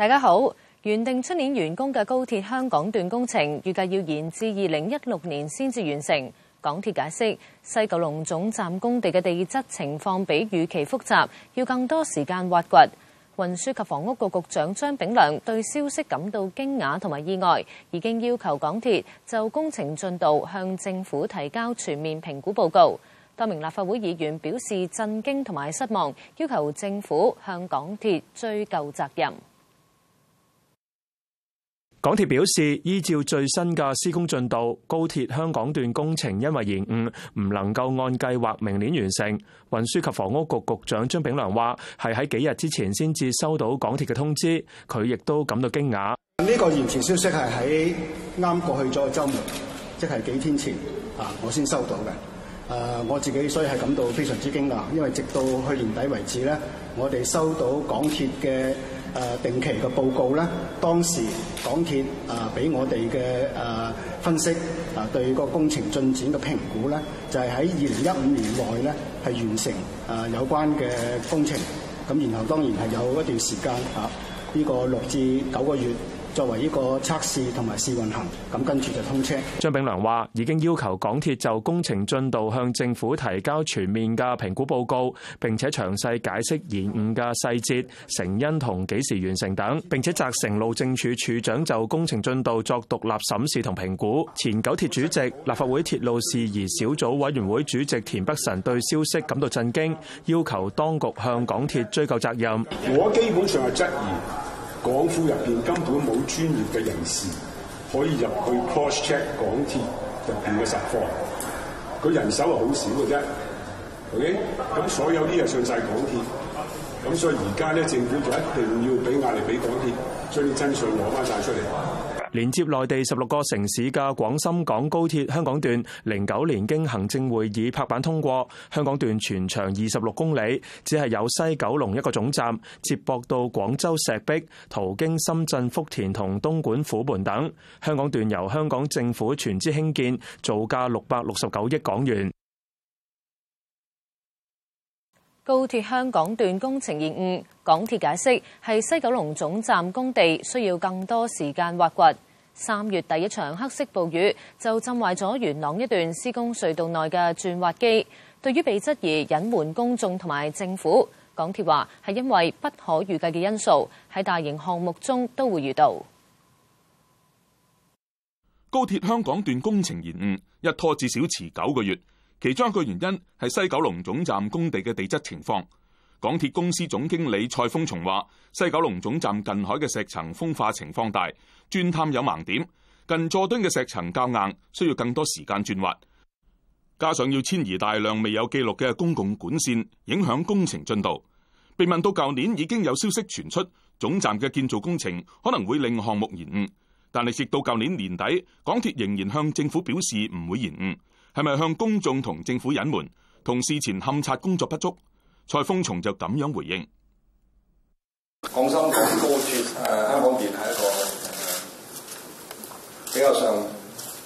大家好，原定出年完工嘅高鐵香港段工程，預計要延至二零一六年先至完成。港鐵解釋，西九龍總站工地嘅地質情況比預期複雜，要更多時間挖掘。運輸及房屋局局長張炳良對消息感到驚訝同埋意外，已經要求港鐵就工程進度向政府提交全面評估報告。多名立法會議員表示震驚同埋失望，要求政府向港鐵追究責任。港鐵表示，依照最新嘅施工進度，高鐵香港段工程因為延誤，唔能夠按計劃明年完成。運輸及房屋局局長張炳良話，係,喺幾日之前先至收到港鐵嘅通知，佢亦都感到驚訝。呢個延前消息係喺啱過去咗周末，即係幾天前我先收到嘅，我自己所以係感到非常之驚訝，因為直到去年底為止，我哋收到港鐵嘅 uh, 誒定期嘅報告咧，當時港鐵誒俾我哋嘅誒分析，啊對個工程進展嘅評估咧，就係喺二零一五年內咧係完成誒有關嘅工程，咁然後當然係有一段時間嚇，呢個六至九個月。作為一個測試同埋試運行，咁跟住就通車。張炳良話：已經要求港鐵就工程進度向政府提交全面嘅評估報告，並且詳細解釋延誤嘅細節、成因同幾時完成等。並且責成路政署署長就工程進度作獨立審視同評估。前九鐵主席、立法會鐵路事宜小組委員會主席田北辰對消息感到震驚，要求當局向港鐵追究責任。我基本上係質疑。港府入邊根本冇專業嘅人士可以入去 cross check 港鐵入邊嘅實況，佢人手係好少嘅啫。OK，咁所有啲嘢上晒港鐵，咁所以而家咧政府就一定要俾壓力俾港鐵將啲真相攞翻晒出嚟。連接內地十六個城市嘅廣深港高鐵香港段，零九年經行政會議拍板通過。香港段全長二十六公里，只係有西九龍一個總站，接駁到廣州石壁，途經深圳福田同東莞虎門等。香港段由香港政府全資興建，造價六百六十九億港元。高鐵香港段工程延誤，港鐵解釋係西九龍總站工地需要更多時間挖掘。三月第一場黑色暴雨就浸壞咗元朗一段施工隧道內嘅鑽挖機。對於被質疑隱瞞公眾同埋政府，港鐵話係因為不可預計嘅因素喺大型項目中都會遇到。高鐵香港段工程延誤，一拖至少遲九個月。其中一個原因係西九龍總站工地嘅地質情況。港鐵公司總經理蔡峰松話：西九龍總站近海嘅石層風化情況大，鑽探有盲點；近座墩嘅石層較硬，需要更多時間鑽挖。加上要遷移大量未有記錄嘅公共管線，影響工程進度。被問到舊年已經有消息傳出總站嘅建造工程可能會令項目延誤，但係直到舊年年底，港鐵仍然向政府表示唔會延誤。係咪向公眾同政府隱瞞，同事前勘察工作不足？蔡楓松就咁樣回應：廣深港高鐵誒、呃，香港段係一個、呃、比較上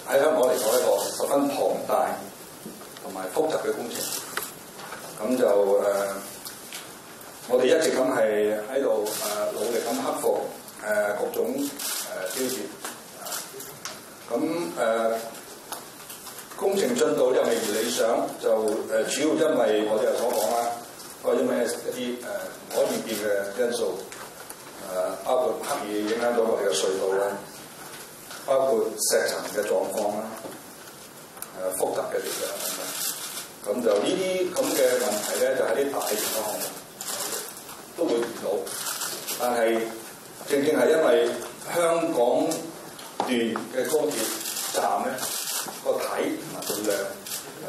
喺香港嚟講一個十分龐大同埋複雜嘅工程。咁就誒、呃，我哋一直咁係喺度誒努力咁克服誒各種誒、呃、挑戰。咁、呃、誒。呃工程進度又未如理想，就誒主要因為我哋所講啦，因為一啲誒唔可以見嘅因素，誒、呃、包括刻意影響到我哋嘅隧道啦，包括石層嘅狀況啦，誒、呃、複雜嘅地質。咁就呢啲咁嘅問題咧，就喺啲大型嘅項目都會見到，但係正正係因為香港段嘅高鐵站咧。個體重量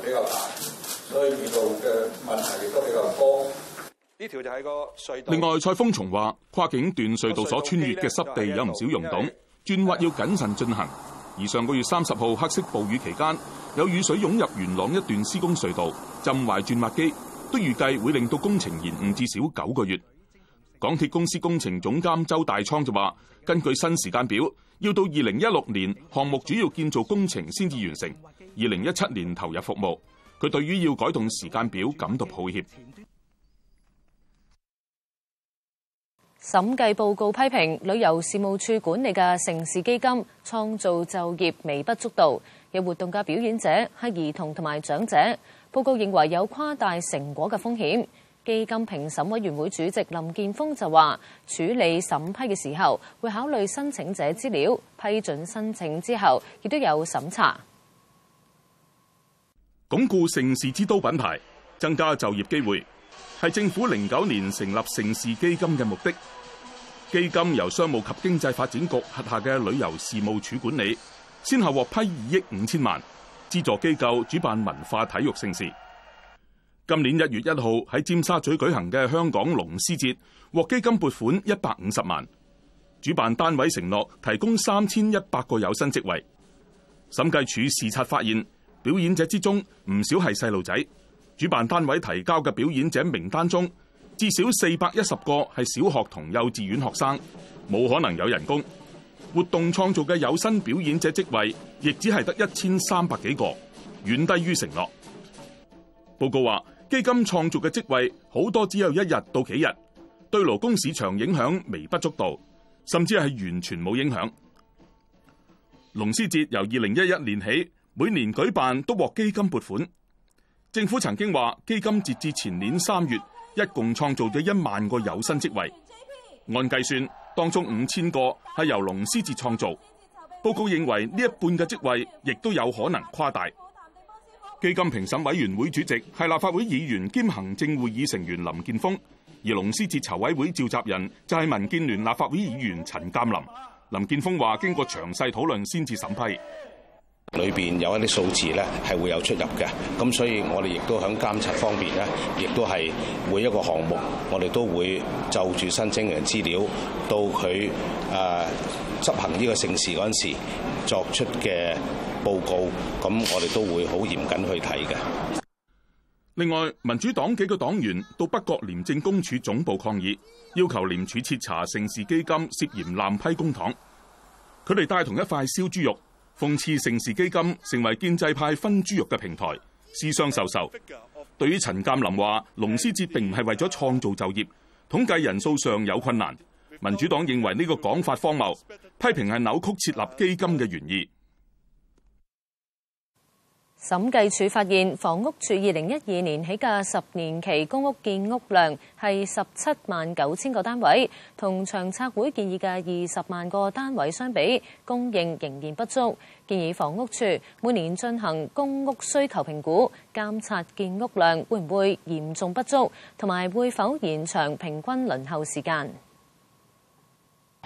比較大，所以遇到嘅問題亦都比較多。呢條就係個隧道。另外，蔡鋒松話，跨境段隧道所穿越嘅濕地有唔少溶洞，鑽挖要謹慎進行。而上個月三十號黑色暴雨期間，有雨水湧入元朗一段施工隧道，浸壞鑽挖機，都預計會令到工程延誤至少九個月。港鐵公司工程總監周大倉就話：根據新時間表，要到二零一六年項目主要建造工程先至完成，二零一七年投入服務。佢對於要改動時間表感到抱歉。審計報告批評旅遊事務處管理嘅盛事基金創造就業微不足道，有活動嘅表演者係兒童同埋長者，報告認為有誇大成果嘅風險。基金評審委員會主席林健鋒就話：處理審批嘅時候會考慮申請者資料，批准申請之後亦都有審查。鞏固盛事之都品牌，增加就業機會，係政府零九年成立盛事基金嘅目的。基金由商務及經濟發展局轄下嘅旅遊事務處管理，先後獲批二億五千萬，資助機構主辦文化體育盛事。今年一月一號喺尖沙咀舉行嘅香港龍獅節獲基金撥款一百五十萬，主辦單位承諾提供三千一百個有薪職位。審計署視察發現，表演者之中唔少係細路仔。主辦單位提交嘅表演者名單中，至少四百一十個係小學同幼稚園學生，冇可能有人工。活動創造嘅有薪表演者職位，亦只係得一千三百幾個，遠低於承諾。報告話。基金創造嘅職位好多只有一日到幾日，對勞工市場影響微不足道，甚至係完全冇影響。龍獅節由二零一一年起每年舉辦，都獲基金撥款。政府曾經話，基金截至前年三月，一共創造咗一萬個有薪職位。按計算，當中五千個係由龍獅節創造。報告認為呢一半嘅職位，亦都有可能誇大。基金評審委員會主席係立法會議員兼行政會議成員林健鋒，而龍獅節籌委會召集人就係民建聯立法會議員陳鑒林。林健鋒話：經過詳細討論先至審批，裏邊有一啲數字咧係會有出入嘅，咁所以我哋亦都響監察方面咧，亦都係每一個項目我哋都會就住申請人資料到佢誒。呃執行呢個盛事嗰陣時作出嘅報告，咁我哋都會好嚴謹去睇嘅。另外，民主黨幾個黨員到北角廉政公署總部抗議，要求廉署徹查盛事基金涉嫌濫批公帑。佢哋帶同一塊燒豬肉，諷刺盛事基金成為建制派分豬肉嘅平台，私相授受。對於陳鑑林話，龍獅節並唔係為咗創造就業，統計人數上有困難。民主黨認為呢個講法荒謬，批評係扭曲設立基金嘅原意。審計署發現房屋處二零一二年起嘅十年期公屋建屋量係十七萬九千個單位，同長策會建議嘅二十萬個單位相比，供應仍然不足。建議房屋處每年進行公屋需求評估，監察建屋量會唔會嚴重不足，同埋會否延長平均輪候時間。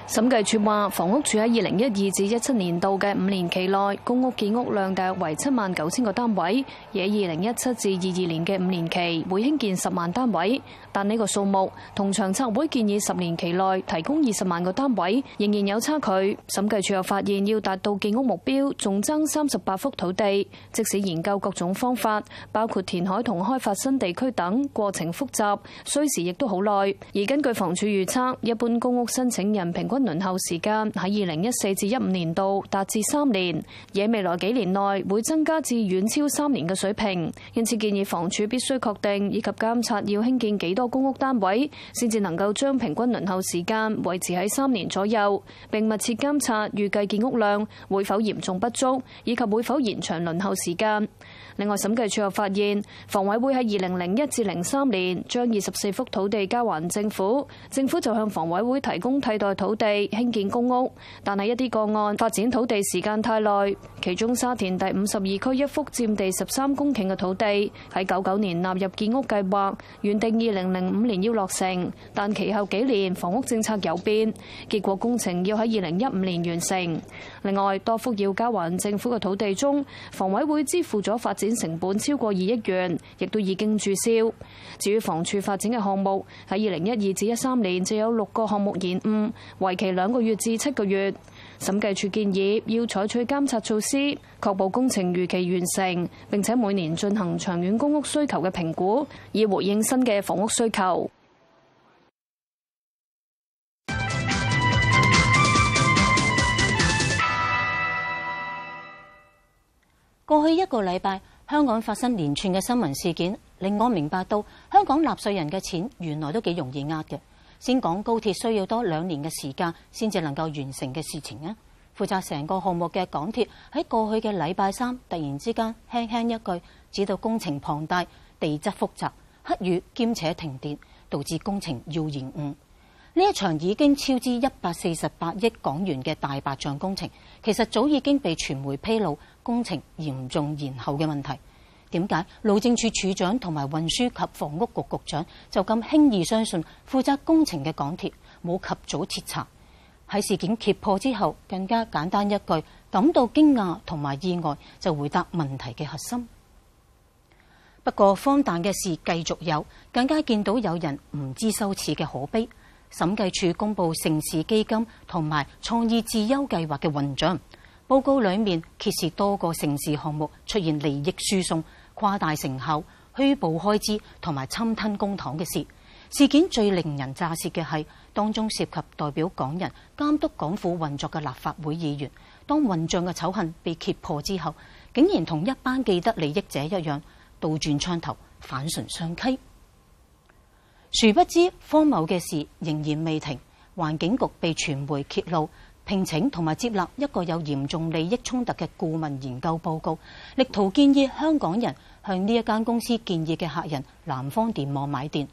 審計署話，房屋署喺二零一二至一七年度嘅五年期內，公屋建屋量大約為七萬九千個單位，而二零一七至二二年嘅五年期，會興建十萬單位。但呢個數目同長策會建議十年期內提供二十萬個單位仍然有差距。審計署又發現，要達到建屋目標，仲爭三十八幅土地。即使研究各種方法，包括填海同開發新地區等，過程複雜，需時亦都好耐。而根據房署預測，一般公屋申請人評平均輪候時間喺二零一四至一五年度達至三年，也未來幾年內會增加至遠超三年嘅水平。因此建議房署必須確定以及監察要興建幾多公屋單位，先至能夠將平均輪候時間維持喺三年左右，並密切監察預計建屋量會否嚴重不足，以及會否延長輪候時間。另外，審計署又發現，房委會喺二零零一至零三年將二十四幅土地交還政府，政府就向房委會提供替代土地興建公屋。但係一啲個案，發展土地時間太耐，其中沙田第五十二區一幅佔地十三公頃嘅土地，喺九九年納入建屋計劃，原定二零零五年要落成，但其後幾年房屋政策有變，結果工程要喺二零一五年完成。另外，多幅要交還政府嘅土地中，房委會支付咗發展。成本超過二億元，亦都已經註銷。至於房署發展嘅項目，喺二零一二至一三年就有六個項目延誤，為期兩個月至七個月。審計署建議要採取監察措施，確保工程如期完成，並且每年進行長遠公屋需求嘅評估，以回應新嘅房屋需求。過去一個禮拜。香港發生連串嘅新聞事件，令我明白到香港納稅人嘅錢原來都幾容易呃嘅。先講高鐵需要多兩年嘅時間先至能夠完成嘅事情啊！負責成個項目嘅港鐵喺過去嘅禮拜三突然之間輕輕一句，指到工程龐大、地質複雜、黑雨兼且停電，導致工程要延誤。呢一場已經超支一百四十八億港元嘅大白象工程，其實早已經被傳媒披露工程嚴重延後嘅問題。點解路政處處長同埋運輸及房屋局局長就咁輕易相信負責工程嘅港鐵冇及早徹查？喺事件揭破之後，更加簡單一句感到驚訝同埋意外，就回答問題嘅核心。不過荒誕嘅事繼續有，更加見到有人唔知羞恥嘅可悲。審計處公布盛事基金同埋創意智優計劃嘅混帳報告，裏面揭示多個盛事項目出現利益輸送、誇大成效、虛報開支同埋侵吞公帑嘅事。事件最令人咋舌嘅係當中涉及代表港人監督港府運作嘅立法會議員，當混帳嘅醜恨被揭破之後，竟然同一班既得利益者一樣，倒轉槍頭反唇相稽。殊不知，荒謬嘅事仍然未停。環境局被傳媒揭露聘請同埋接納一個有嚴重利益衝突嘅顧問研究報告，力圖建議香港人向呢一間公司建議嘅客人南方電網買電。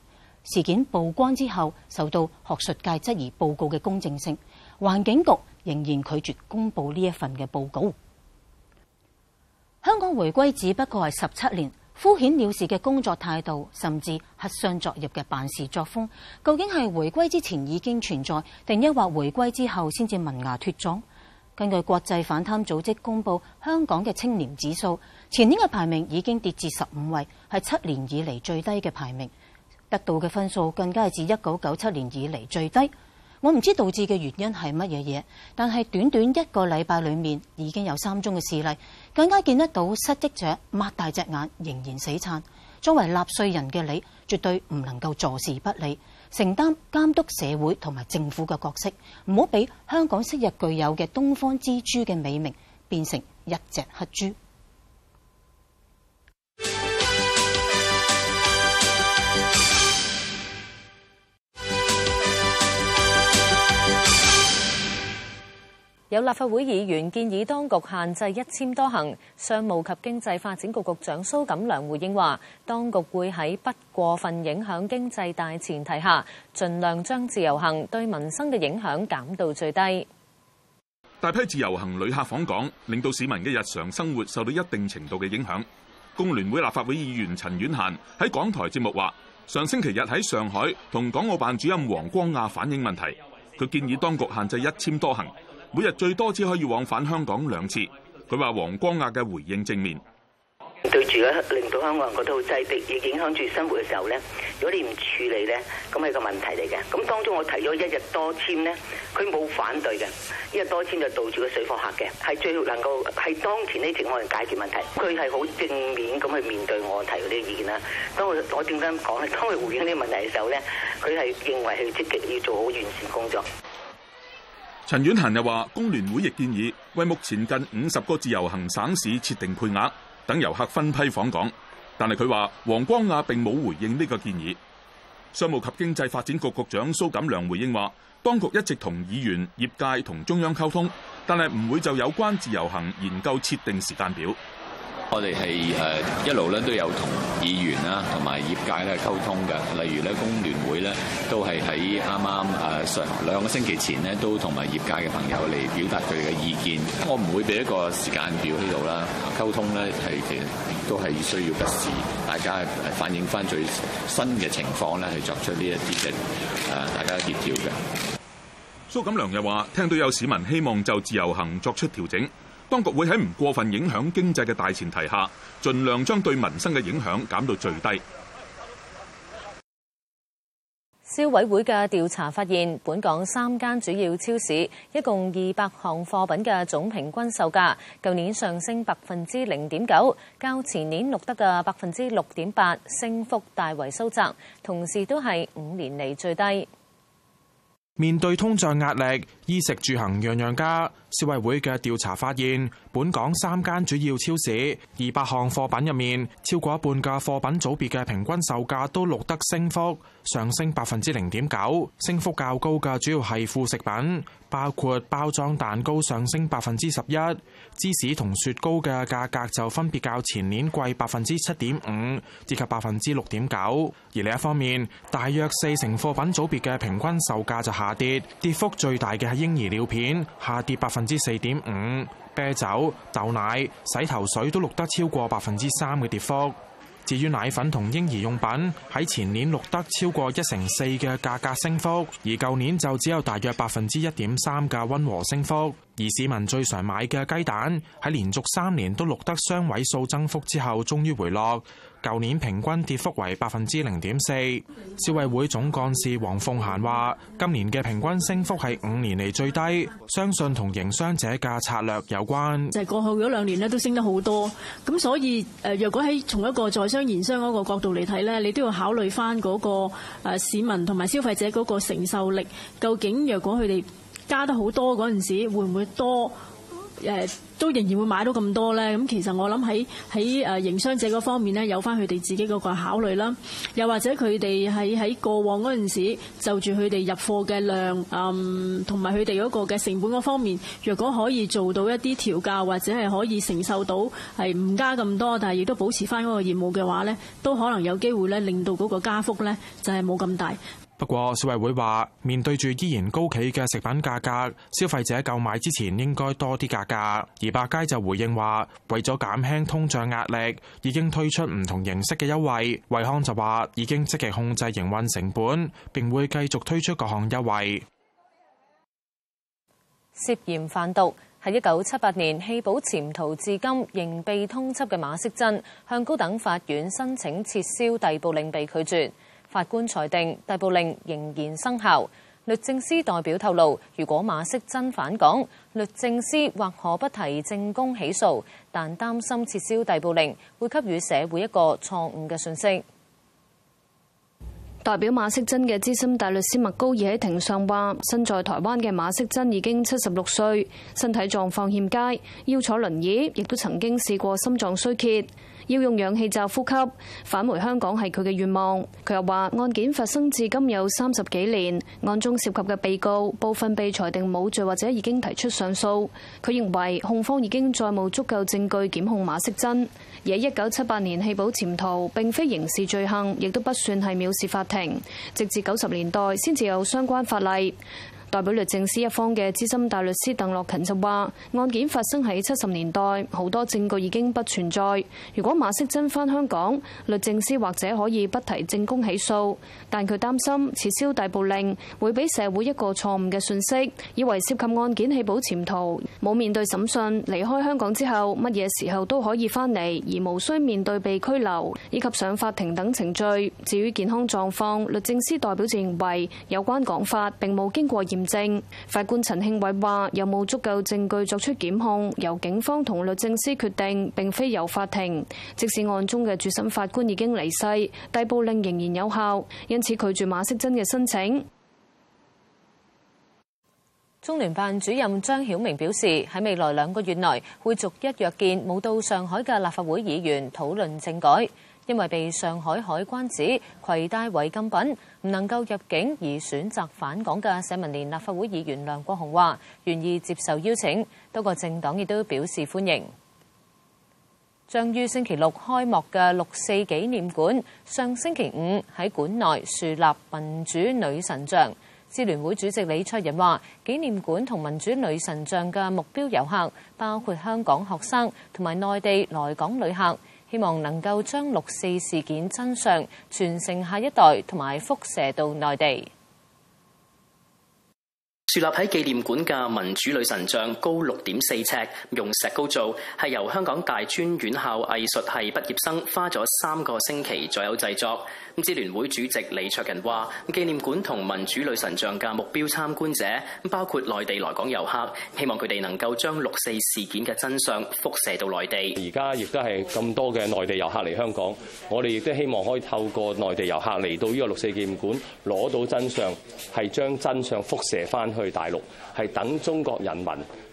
事件曝光之後，受到學術界質疑報告嘅公正性，環境局仍然拒絕公佈呢一份嘅報告。香港回歸只不過係十七年。敷衍了事嘅工作態度，甚至黑箱作業嘅辦事作風，究竟係回歸之前已經存在，定抑或回歸之後先至萌芽茁壯？根據國際反貪組織公布，香港嘅清廉指數，前年嘅排名已經跌至十五位，係七年以嚟最低嘅排名，得到嘅分數更加係自一九九七年以嚟最低。我唔知道導致嘅原因係乜嘢嘢，但係短短一個禮拜裏面已經有三宗嘅事例。更加見得到失職者擘大隻眼仍然死撐，作為納稅人嘅你，絕對唔能夠坐視不理，承擔監督社會同埋政府嘅角色，唔好俾香港昔日具有嘅東方之珠嘅美名變成一隻黑豬。有立法會議員建議當局限制一簽多行，商務及經濟發展局局長蘇錦樑回應話：當局會喺不過分影響經濟大前提下，盡量將自由行對民生嘅影響減到最低。大批自由行旅客訪港，令到市民嘅日常生活受到一定程度嘅影響。工聯會立法會議員陳婉嫻喺港台節目話：上星期日喺上海同港澳辦主任王光亞反映問題，佢建議當局限制一簽多行。每日最多只可以往返香港兩次。佢話王光亞嘅回應正面，對住咧令到香港人覺得好擠迫，亦影響住生活嘅時候咧，如果你唔處理咧，咁係一個問題嚟嘅。咁當中我提咗一日多簽咧，佢冇反對嘅，一日多簽就導致個水貨客嘅，係最能夠係當前呢情況嚟解決問題。佢係好正面咁去面對我提嗰啲意見啦。因為我點解講咧？當佢回應呢個問題嘅時候咧，佢係認為係積極要做好完善工作。陳婉嫻又話，工聯會亦建議為目前近五十個自由行省市設定配額，等遊客分批訪港。但係佢話，黃光亞並冇回應呢個建議。商務及經濟發展局局長蘇錦樑回應話，當局一直同議員、業界同中央溝通，但係唔會就有關自由行研究設定時間表。我哋係一路咧都有同議員啦，同埋業界咧溝通嘅。例如咧工聯會咧，都係喺啱啱上兩個星期前呢都同埋業界嘅朋友嚟表達佢哋嘅意見。我唔會俾一個時間表喺度啦。溝通咧係其實都係需要不時大家反映翻最新嘅情況咧，去作出呢一啲嘅大家協調嘅。蘇錦樑又話，聽到有市民希望就自由行作出調整。當局會喺唔過分影響經濟嘅大前提下，盡量將對民生嘅影響減到最低。消委會嘅調查發現，本港三間主要超市一共二百項貨品嘅總平均售價，舊年上升百分之零點九，較前年錄得嘅百分之六點八，升幅大為收窄，同時都係五年嚟最低。面對通脹壓力，衣食住行樣樣加。消委會嘅調查發現，本港三間主要超市二百項貨品入面，超過一半嘅貨品組別嘅平均售價都錄得升幅，上升百分之零點九。升幅較高嘅主要係副食品，包括包裝蛋糕上升百分之十一，芝士同雪糕嘅價格就分別較前年貴百分之七點五，以及百分之六點九。而另一方面，大約四成貨品組別嘅平均售價就下跌，跌幅最大嘅係嬰兒尿片，下跌百分之四點五，啤酒、豆奶、洗頭水都錄得超過百分之三嘅跌幅。至於奶粉同嬰兒用品，喺前年錄得超過一成四嘅價格升幅，而舊年就只有大約百分之一點三嘅溫和升幅。而市民最常買嘅雞蛋，喺連續三年都錄得雙位數增幅之後，終於回落。舊年平均跌幅為百分之零點四，消委會總幹事黃鳳嫻話：今年嘅平均升幅係五年嚟最低，相信同營商者嘅策略有關。就係過去嗰兩年呢都升得好多，咁所以誒，若果喺從一個在商言商嗰個角度嚟睇呢，你都要考慮返嗰個誒市民同埋消費者嗰個承受力，究竟若果佢哋加得好多嗰陣時，會唔會多？誒都仍然會買到咁多咧，咁其實我諗喺喺誒營商者嗰方面咧，有翻佢哋自己嗰個考慮啦，又或者佢哋喺喺過往嗰陣時就住佢哋入貨嘅量，嗯，同埋佢哋嗰個嘅成本嗰方面，若果可以做到一啲調價，或者係可以承受到係唔加咁多，但係亦都保持翻嗰個業務嘅話咧，都可能有機會咧令到嗰個加幅咧就係冇咁大。不過，小衞會消委會話面對住依然高企嘅食品價格，消費者購買之前應該多啲價格。而百佳就回應話，為咗減輕通脹壓力，已經推出唔同形式嘅優惠。惠康就話已經積極控制營運成本，並會繼續推出各項優惠。涉嫌販毒喺一九七八年棄保潛逃至今仍被通緝嘅馬惜珍，向高等法院申請撤銷逮捕令被拒絕。法官裁定逮捕令仍然生效。律政司代表透露，如果馬惜珍返港，律政司或可不提證供起訴，但擔心撤銷逮捕令會給予社會一個錯誤嘅信息。代表馬惜珍嘅資深大律師麥高爾喺庭上話，身在台灣嘅馬惜珍已經七十六歲，身體狀況欠佳，要坐輪椅，亦都曾經試過心臟衰竭。要用氧氣罩呼吸，返回香港係佢嘅願望。佢又話案件發生至今有三十幾年，案中涉及嘅被告部分被裁定冇罪，或者已經提出上訴。佢認為控方已經再冇足夠證據檢控馬惜珍，而喺一九七八年棄保潛逃並非刑事罪行，亦都不算係藐視法庭。直至九十年代先至有相關法例。代表律政司一方嘅資深大律師鄧樂勤就話：案件發生喺七十年代，好多證據已經不存在。如果馬惜珍翻香港，律政司或者可以不提證供起訴，但佢擔心撤銷逮捕令會俾社會一個錯誤嘅信息，以為涉及案件棄保潛逃，冇面對審訊，離開香港之後乜嘢時候都可以翻嚟，而無需面對被拘留以及上法庭等程序。至於健康狀況，律政司代表認為有關講法並冇經過判刑。法官陳慶偉話：有冇足夠證據作出檢控，由警方同律政司決定，並非由法庭。即使案中嘅主審法官已經離世，逮捕令仍然有效，因此拒絕馬惜珍嘅申請。中聯辦主任張曉明表示：喺未來兩個月內，會逐一約見冇到上海嘅立法會議員討論政改，因為被上海海關指攜帶違禁品。唔能夠入境而選擇返港嘅社民連立法會議員梁國雄話，願意接受邀請。多個政黨亦都表示歡迎。將於星期六開幕嘅六四紀念館，上星期五喺館內豎立民主女神像。支聯會主席李卓人話，紀念館同民主女神像嘅目標遊客包括香港學生同埋內地來港旅客。希望能夠將六四事件真相傳承下一代，同埋輻射到內地。樹立喺紀念館嘅民主女神像高六點四尺，用石膏做，係由香港大專院校藝術系畢業生花咗三個星期左右製作。咁支聯會主席李卓人話，紀念館同民主女神像嘅目標參觀者，包括內地來港遊客，希望佢哋能夠將六四事件嘅真相輻射到內地。而家亦都係咁多嘅內地遊客嚟香港，我哋亦都希望可以透過內地遊客嚟到呢個六四紀念館，攞到真相，係將真相輻射翻。去大陸係等中國人民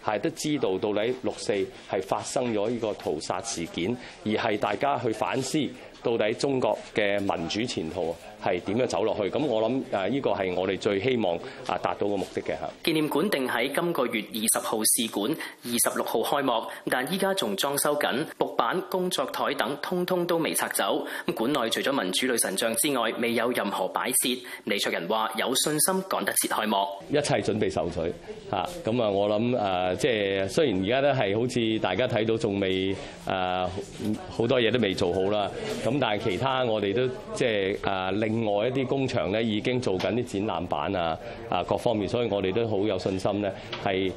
係都知道到底六四係發生咗呢個屠殺事件，而係大家去反思到底中國嘅民主前途。係點樣走落去？咁我諗誒，依個係我哋最希望啊達到嘅目的嘅嚇。紀念館定喺今個月二十號試館，二十六號開幕，但依家仲裝修緊，木板、工作台等通通都未拆走。咁館內除咗民主女神像之外，未有任何擺設。李卓人話：有信心趕得切開幕，一切準備就緒。嚇。咁啊，我諗誒，即、啊、係、即係、雖然而家都係好似大家睇到，仲未誒、啊、好多嘢都未做好啦。咁、啊、但係其他我哋都即係誒令。即係啊另外一啲工場咧，已經做緊啲展覽板啊啊，各方面，所以我哋都好有信心呢係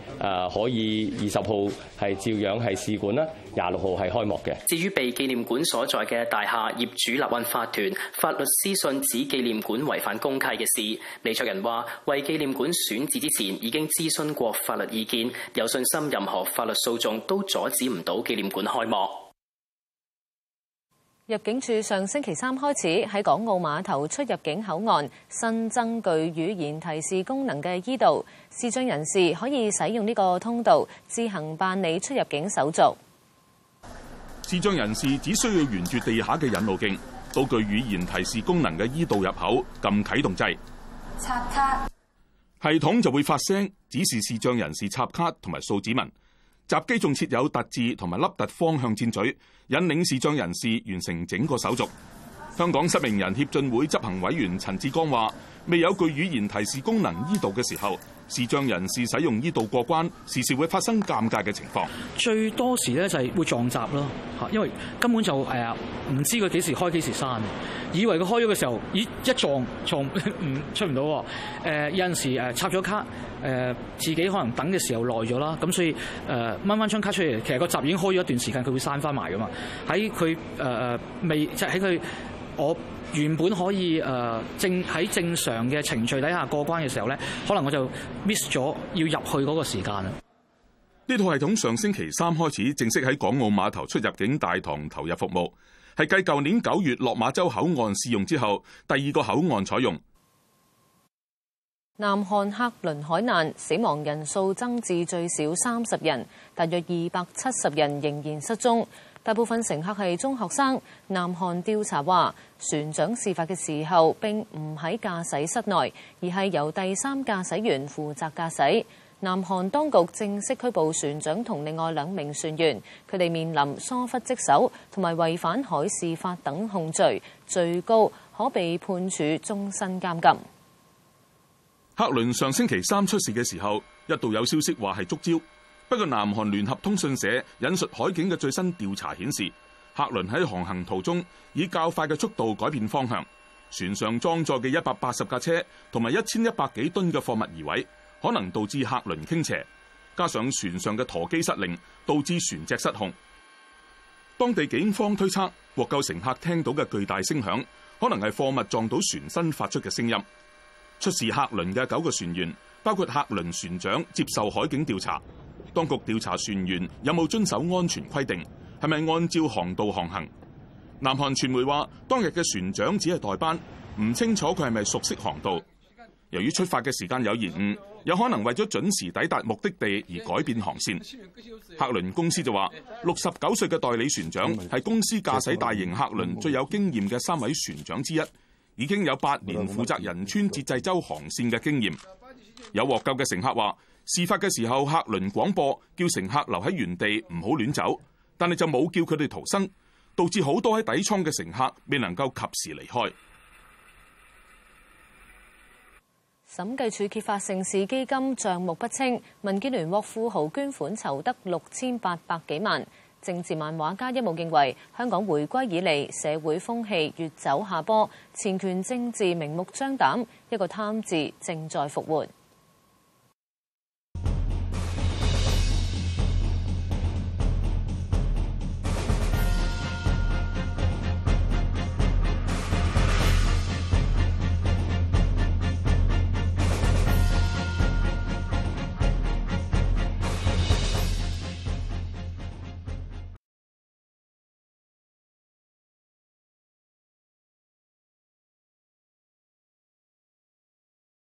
可以二十號係照樣係試館啦，廿六號係開幕嘅。至於被紀念館所在嘅大廈業主立案法團發律師信指紀念館違反公契嘅事，李卓人話：為紀念館選址之前已經諮詢過法律意見，有信心任何法律訴訟都阻止唔到紀念館開幕。入境處上星期三開始喺港澳碼頭出入境口岸新增具語言提示功能嘅 e 道。視障人士可以使用呢個通道自行辦理出入境手續。視障人士只需要沿住地下嘅引路徑，到具語言提示功能嘅 e 道入口撳啟動掣，插卡，系統就會發聲指示視障人士插卡同埋數指紋。閘機仲設有凸字同埋凹凸方向箭嘴，引領視障人士完成整個手續。香港失明人協進會執行委員陳志剛話：未有具語言提示功能依度嘅時候，視障人士使用呢度過關，時時會發生尷尬嘅情況。最多時咧就係會撞閘咯，嚇，因為根本就呃、唔知佢幾時開幾時閂，以為佢開咗嘅時候，咦一撞撞唔出唔到，喎、呃。有陣時插咗卡、呃，自己可能等嘅時候耐咗啦，咁所以誒掹翻張卡出嚟，其實個閘已經開咗一段時間，佢會閂翻埋噶嘛，喺佢、呃、未即係喺佢。就是我原本可以誒正喺正常嘅程序底下過關嘅時候呢可能我就 miss 咗要入去嗰個時間呢套系統上星期三開始正式喺港澳碼頭出入境大堂投入服務，係繼舊年九月落馬洲口岸試用之後，第二個口岸採用。南韓客輪海難死亡人數增至最少三十人，大約二百七十人仍然失蹤。大部分乘客係中學生。南韓調查話，船長事發嘅時候並唔喺駕駛室內，而係由第三駕駛員負責駕駛。南韓當局正式拘捕船長同另外兩名船員，佢哋面臨疏忽職守同埋違反海事法等控罪，最高可被判處終身監禁。客輪上星期三出事嘅時候，一度有消息話係觸礁。不過，南韓聯合通訊社引述海警嘅最新調查顯示，客輪喺航行途中以較快嘅速度改變方向，船上裝載嘅一百八十架車同埋一千一百幾噸嘅貨物移位，可能導致客輪傾斜。加上船上嘅舵機失靈，導致船隻失控。當地警方推測獲救乘客聽到嘅巨大聲響，可能係貨物撞到船身發出嘅聲音。出事客輪嘅九個船員，包括客輪船長，接受海警調查。當局調查船員有冇遵守安全規定，係咪按照航道航行？南韓傳媒話，當日嘅船長只係代班，唔清楚佢係咪熟悉航道。由於出發嘅時間有延誤，有可能為咗準時抵達目的地而改變航線。客輪公司就話，六十九歲嘅代理船長係公司駕駛大型客輪最有經驗嘅三位船長之一，已經有八年負責仁川至濟州航線嘅經驗。有獲救嘅乘客話：事發嘅時候，客輪廣播叫乘客留喺原地，唔好亂走，但係就冇叫佢哋逃生，導致好多喺底倉嘅乘客未能夠及時離開。審計署揭發盛事基金帳目不清，民建聯獲富豪捐款籌得六千八百幾萬。政治漫畫家一武認為，香港回歸以嚟社會風氣越走下坡，錢權政治明目張膽，一個貪字正在復活。